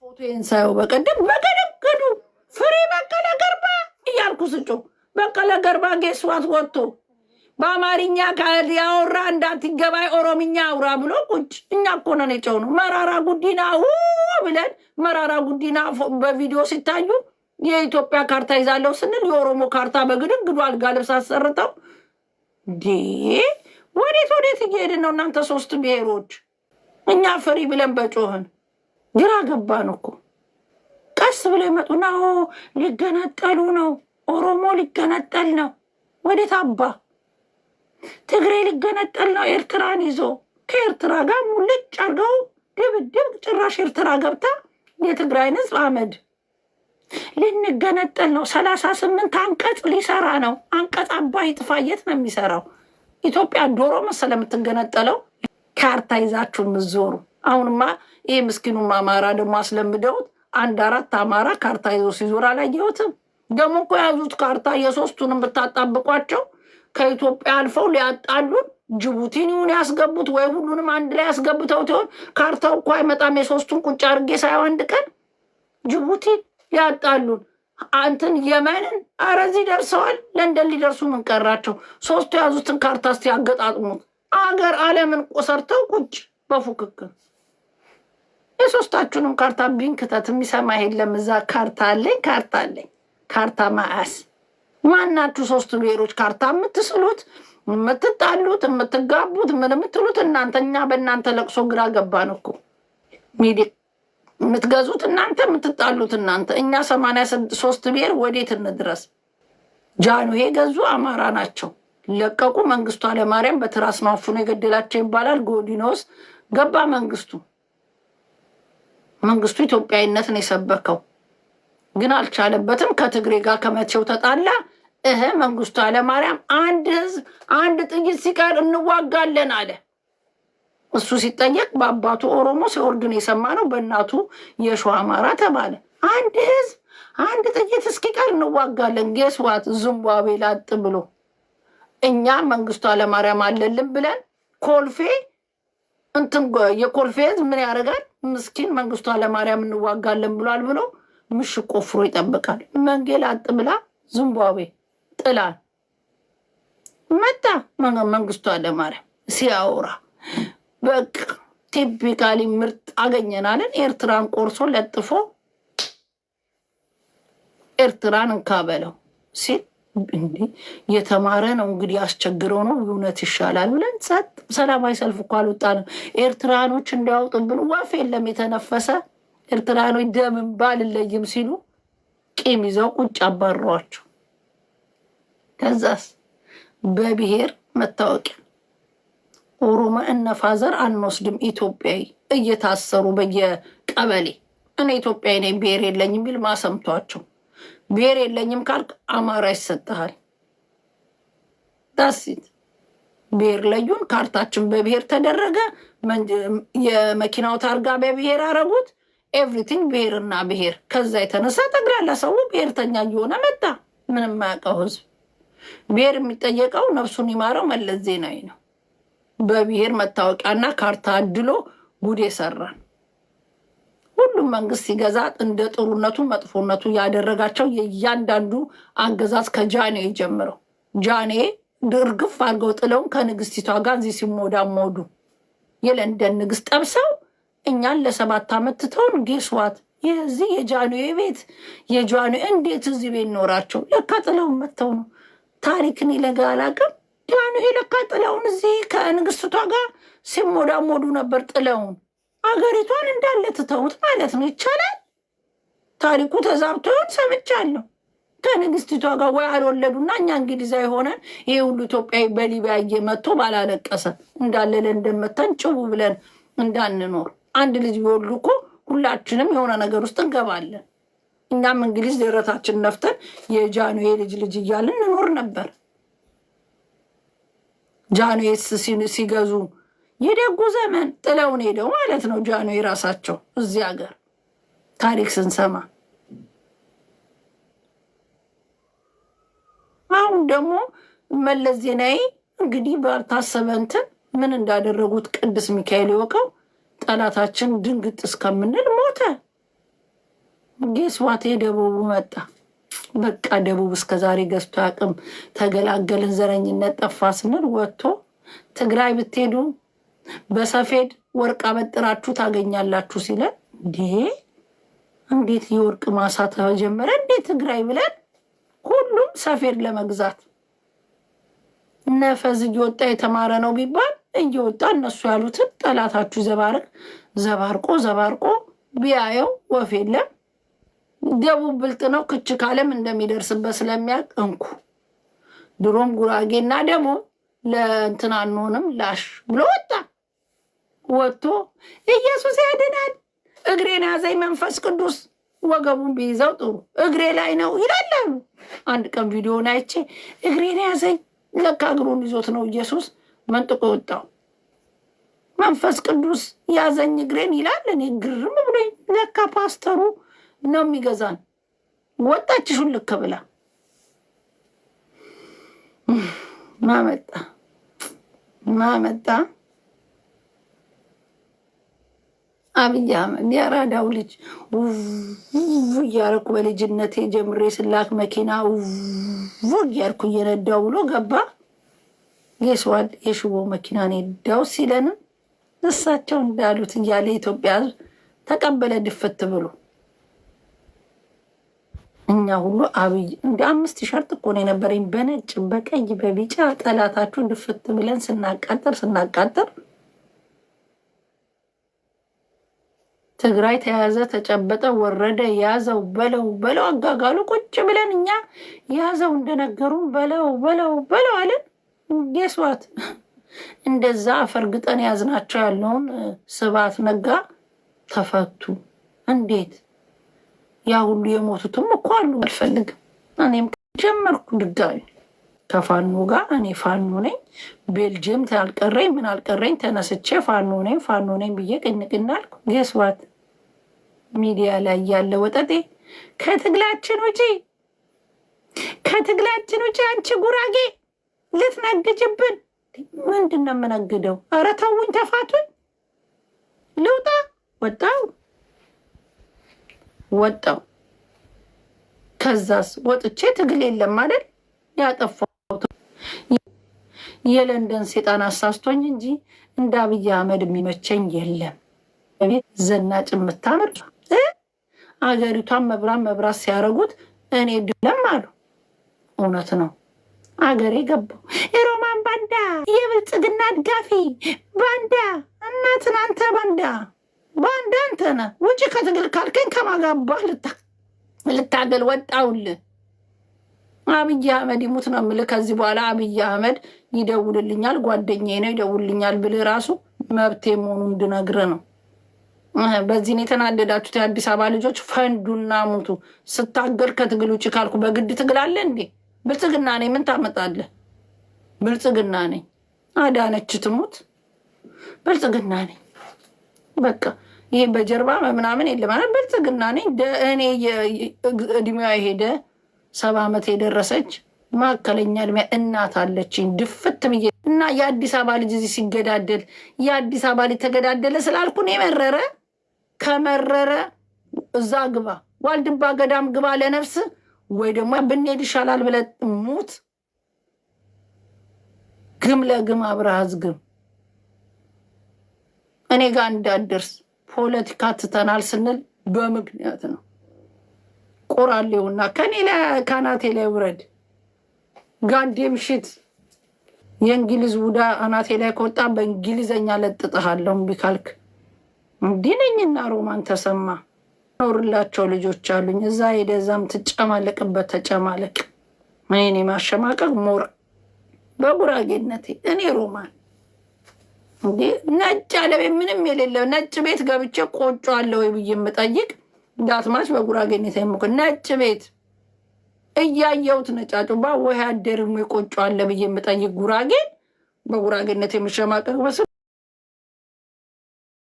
ፎቶዬን ሳየው በቀደም በገደገዱ ፍሬ በቀለ ገርባ እያልኩ ስጮ በቀለ ገርባ ጌስዋት ወጥቶ በአማርኛ ካል ያወራ እንዳትገባይ ኦሮምኛ አውራ ብሎ ቁጭ። እኛ እኮ ነን የጨው ነው መራራ ጉዲና ብለን መራራ ጉዲና በቪዲዮ ሲታዩ የኢትዮጵያ ካርታ ይዛለው ስንል የኦሮሞ ካርታ በግድግዱ አልጋ ልብስ አሰርተው ዴ ወዴት ወዴት እየሄድን ነው? እናንተ ሶስት ብሔሮች እኛ ፍሪ ብለን በጮህን ግራ ገባን እኮ። ቀስ ብለው ይመጡና ሊገነጠሉ ነው፣ ኦሮሞ ሊገነጠል ነው። ወዴት አባ ትግሬ ሊገነጠል ነው። ኤርትራን ይዞ ከኤርትራ ጋር ሙልጭ አድርገው ድብድብ፣ ጭራሽ ኤርትራ ገብታ የትግራይን ሕዝብ አመድ ልንገነጠል ነው። ሰላሳ ስምንት አንቀጽ ሊሰራ ነው። አንቀጽ አባይ ጥፋ የት ነው የሚሰራው? ኢትዮጵያ ዶሮ መሰለ የምትገነጠለው። ካርታ ይዛችሁ የምትዞሩ አሁንማ ይህ ምስኪኑም አማራ ደግሞ አስለምደውት አንድ አራት አማራ ካርታ ይዞ ሲዞር አላየሁትም። ደግሞ እኮ የያዙት ካርታ የሶስቱንም ብታጣብቋቸው ከኢትዮጵያ አልፈው ሊያጣሉን ጅቡቲን ይሁን ያስገቡት ወይ ሁሉንም አንድ ላይ ያስገብተው ይሆን? ካርታው እኮ አይመጣም። የሶስቱን ቁጭ አድርጌ ሳየው አንድ ቀን ጅቡቲን ያጣሉን አንትን የመንን ኧረ እዚህ ደርሰዋል። ለንደን ሊደርሱ ምን ቀራቸው? ሶስቱ የያዙትን ካርታ እስቲ ያገጣጥሙት። አገር አለምን ቆሰርተው ቁጭ በፉክክር የሶስታችሁንም ካርታ ቢንክተት የሚሰማ የለም። እዛ ካርታ አለኝ፣ ካርታ አለኝ፣ ካርታ ማአስ ማናችሁ ሶስት ብሔሮች ካርታ የምትስሉት የምትጣሉት፣ የምትጋቡት፣ ምን የምትሉት እናንተ። እኛ በእናንተ ለቅሶ ግራ ገባን እኮ ሚዲያ የምትገዙት እናንተ፣ የምትጣሉት እናንተ። እኛ ሰማንያ ሶስት ብሔር ወዴት እንድረስ? ጃንሆይ የገዙ አማራ ናቸው ለቀቁ። መንግስቱ ኃይለማርያም በትራስ ማፉ ነው የገደላቸው ይባላል። ጎዲኖስ ገባ መንግስቱ መንግስቱ ኢትዮጵያዊነትን የሰበከው ግን አልቻለበትም። ከትግሬ ጋር ከመቼው ተጣላ። እህ መንግስቱ ኃይለማርያም አንድ ህዝብ አንድ ጥይት ሲቀር እንዋጋለን አለ። እሱ ሲጠየቅ በአባቱ ኦሮሞ ሲወርድን የሰማ ነው፣ በእናቱ የሸዋ አማራ ተባለ። አንድ ህዝብ አንድ ጥይት እስኪቀር እንዋጋለን። ጌስዋት ዝምባብዌ ላጥ ብሎ እኛ መንግስቱ ኃይለማርያም አለልን ብለን ኮልፌ እንትን የኮልፌ ህዝብ ምን ያደርጋል? ምስኪን መንግስቱ ኃይለማርያም እንዋጋለን ብሏል ብሎ ምሽግ ቆፍሮ ይጠብቃል። መንጌል አጥ ብላ ዚምባብዌ ጥላል መጣ። መንግስቱ ኃይለማርያም ሲያወራ በቃ ቲፒካሊ ምርጥ አገኘናለን። ኤርትራን ቆርሶ ለጥፎ ኤርትራን እንካበለው ሲል እንዴ የተማረ ነው እንግዲህ ያስቸግረው ነው እውነት ይሻላል ብለን ጸጥ ሰላማዊ ሰልፍ እኮ አልወጣንም። ኤርትራኖች እንዲያወጡብን ወፍ የለም የተነፈሰ ኤርትራኖች ደምን ባልለይም ሲሉ ቂም ይዘው ቁጭ አባሯቸው። ከዛስ በብሔር መታወቂያ ኦሮማ እነፋዘር አንወስድም ኢትዮጵያዊ እየታሰሩ በየቀበሌ እኔ ኢትዮጵያዊ ነኝ ብሔር የለኝም የሚል ማሰምቷቸው ብሔር የለኝም ካልክ አማራ ይሰጥሃል። ዳሲት ብሔር ለዩን። ካርታችን በብሔር ተደረገ። የመኪናው ታርጋ በብሔር አረጉት። ኤቭሪቲንግ ብሔርና ብሔር። ከዛ የተነሳ ጠቅላላ ሰው ብሔርተኛ እየሆነ መጣ። ምንም ማያውቀው ህዝብ ብሔር የሚጠየቀው ነፍሱን ይማረው መለስ ዜናዊ ነው። በብሔር መታወቂያና ካርታ አድሎ ጉድ የሰራን ሁሉም መንግስት ሲገዛ እንደ ጥሩነቱ መጥፎነቱ ያደረጋቸው የእያንዳንዱ አገዛዝ ከጃኔ ጀምረው ጃኔ ድርግፍ አድርገው ጥለውን ከንግስቲቷ ጋር እዚህ ሲሞዳሞዱ የለንደን ንግስት ጠብሰው እኛን ለሰባት ዓመት ትተውን ጌስዋት የዚህ የጃንዌ ቤት የጃንዌ እንዴት እዚህ ቤት ኖራቸው ለካ ጥለውን መጥተው ነው። ታሪክን ይለጋ አላቅም። ጃንዌ ለካ ጥለውን እዚህ ከንግስቷ ጋር ሲሞዳሞዱ ነበር ጥለውን አገሪቷን እንዳለ ትተውት ማለት ነው። ይቻላል። ታሪኩ ተዛብቶ ሰምቻለሁ። ከንግስቲቷ ጋር ወይ አልወለዱና እኛ እንግሊዛ የሆነን ይሄ ሁሉ ኢትዮጵያዊ በሊቢያ እየመቶ ባላለቀሰ እንዳለ እንደመተን ጭው ብለን እንዳንኖር አንድ ልጅ ቢወልዱ እኮ ሁላችንም የሆነ ነገር ውስጥ እንገባለን። እኛም እንግሊዝ ደረታችን ነፍተን የጃንዌ ልጅ ልጅ እያልን እንኖር ነበር። ጃንዌስ ሲገዙ የደጉ ዘመን ጥለውን ሄደው ማለት ነው። ጃኖ የራሳቸው እዚህ ሀገር ታሪክ ስንሰማ አሁን ደግሞ መለስ ዜናዊ እንግዲህ ባልታሰበ እንትን ምን እንዳደረጉት ቅዱስ ሚካኤል ይወቀው። ጠላታችን ድንግጥ እስከምንል ሞተ። ጌስዋቴ ደቡቡ መጣ። በቃ ደቡብ እስከዛሬ ገዝቶ አቅም ተገላገልን፣ ዘረኝነት ጠፋ ስንል ወጥቶ ትግራይ ብትሄዱ በሰፌድ ወርቅ አበጥራችሁ ታገኛላችሁ ሲለን እንዴ እንዴት የወርቅ ማሳ ተጀመረ እንዴ ትግራይ ብለን ሁሉም ሰፌድ ለመግዛት ነፈዝ እየወጣ የተማረ ነው ቢባል እየወጣ እነሱ ያሉትን ጠላታችሁ ዘባርቅ ዘባርቆ ዘባርቆ ቢያየው ወፍ የለም። ደቡብ ብልጥ ነው። ክች ካለም እንደሚደርስበት ስለሚያውቅ እንኩ ድሮም ጉራጌና ደቡብ ለእንትን አንሆንም ላሽ ብሎ ወጣ። ወጥቶ ኢየሱስ ያድናል፣ እግሬን ያዘኝ መንፈስ ቅዱስ ወገቡን ቢይዘው ጥሩ እግሬ ላይ ነው ይላላሉ። አንድ ቀን ቪዲዮን አይቼ እግሬን ያዘኝ፣ ለካ እግሩን ይዞት ነው ኢየሱስ መንጥቆ ወጣው መንፈስ ቅዱስ ያዘኝ እግሬን ይላል። እኔ ግርም ብሎኝ ለካ ፓስተሩ ነው የሚገዛን። ወጣች ሹልክ ብላ ማመጣ ማመጣ አብይ አህመድ የአራዳው ልጅ እያረኩ በልጅነቴ ጀምሬ ስላክ መኪና እያርኩ እየነዳው ብሎ ገባ። የሰዋል የሽቦ መኪና ነዳው ሲለንም እሳቸው እንዳሉት እያለ ኢትዮጵያ ተቀበለ ድፍት ብሎ እኛ ሁሉ አብይ እንደ አምስት ሸርጥ እኮ ነው የነበረኝ በነጭ በቀይ በቢጫ ጠላታችሁ ድፍት ብለን ስናቃጠር ስናቃጠር ትግራይ ተያዘ፣ ተጨበጠ፣ ወረደ፣ ያዘው በለው በለው አጋጋሉ። ቁጭ ብለን እኛ ያዘው እንደነገሩ በለው በለው በለው አለን። ጌስዋት እንደዛ አፈርግጠን ያዝናቸው ያለውን ስብሐት ነጋ ተፈቱ። እንዴት ያ ሁሉ የሞቱትም እኮ አሉ። አልፈልግም። እኔም ጀመርኩ ድጋሚ ከፋኖ ጋር እኔ ፋኖ ነኝ፣ ቤልጅየም አልቀረኝ ምን አልቀረኝ፣ ተነስቼ ፋኖ ነኝ ፋኖ ነኝ ብዬ ቅንቅናልኩ ጌስዋት ሚዲያ ላይ ያለ ወጠጤ ከትግላችን ውጪ ከትግላችን ውጪ አንቺ ጉራጌ ልትነግጅብን ምንድን ነው የምነግደው? ኧረ ተውኝ፣ ተፋቱኝ፣ ልውጣ። ወጣው ወጣው። ከዛስ ወጥቼ ትግል የለም አይደል? ያጠፋሁት የለንደን ሴጣን አሳስቶኝ እንጂ እንደ አብይ አህመድ የሚመቸኝ የለም። ዘናጭ የምታምር አገሪቷን መብራት መብራት ሲያደርጉት እኔ ድለም አሉ። እውነት ነው። አገሬ ገቡ። የሮማን ባንዳ የብልጽግና አድጋፊ ባንዳ እናትን አንተ ባንዳ ባንዳ አንተ ነህ። ውጭ ከትግል ካልከኝ ከማጋባ ልታገል ወጣውል። አብይ አህመድ ይሙት ነው የምልህ። ከዚህ በኋላ አብይ አህመድ ይደውልልኛል፣ ጓደኛዬ ነው ይደውልልኛል ብልህ ራሱ መብቴ መሆኑ እንድነግር ነው። በዚህ የተናደዳችሁት የአዲስ አበባ ልጆች ፈንዱና ሙቱ። ስታገር ከትግል ውጭ ካልኩ በግድ ትግል አለ እንዴ? ብልጽግና ነኝ። ምን ታመጣለ? ብልጽግና ነኝ። አዳነች ትሙት፣ ብልጽግና ነኝ። በቃ ይሄ በጀርባ ምናምን የለም። ብልጽግና ነኝ። እኔ እድሜዋ የሄደ ሰባ ዓመት የደረሰች መካከለኛ እድሜ እናት አለችኝ ድፍት ብዬ እና የአዲስ አበባ ልጅ እዚህ ሲገዳደል የአዲስ አበባ ልጅ ተገዳደለ ስላልኩ የመረረ ከመረረ እዛ ግባ፣ ዋልድባ ገዳም ግባ ለነፍስ ወይ ደግሞ ብንሄድ ይሻላል ብለህ ሙት። ግም ለግም አብረሃዝ ግም እኔ ጋር እንዳደርስ ፖለቲካ ትተናል ስንል በምክንያት ነው። ቁራሌውና ከኔ ላይ ከአናቴ ላይ ውረድ። ጋንዴ ምሽት የእንግሊዝ ውዳ አናቴ ላይ ከወጣ በእንግሊዘኛ ለጥጠሃለሁ ቢካልክ እንዲህ ነኝና ሮማን ተሰማ ኖርላቸው ልጆች አሉኝ። እዛ ሄደ እዛም ትጨማለቅበት ተጨማለቅ። እኔ ማሸማቀቅ ሞር በጉራጌነቴ እኔ ሮማን እንዴ ነጭ አለቤ ምንም የሌለው ነጭ ቤት ገብቼ ቆጮ አለ ወይ ብዬ የምጠይቅ ዳትማች በጉራጌነት የሞክ ነጭ ቤት ነጫጩ ነጫጩባ ወይ አደርሞ ቆጮ አለ ብዬ የምጠይቅ ጉራጌ በጉራጌነቴ የምሸማቀቅ በስ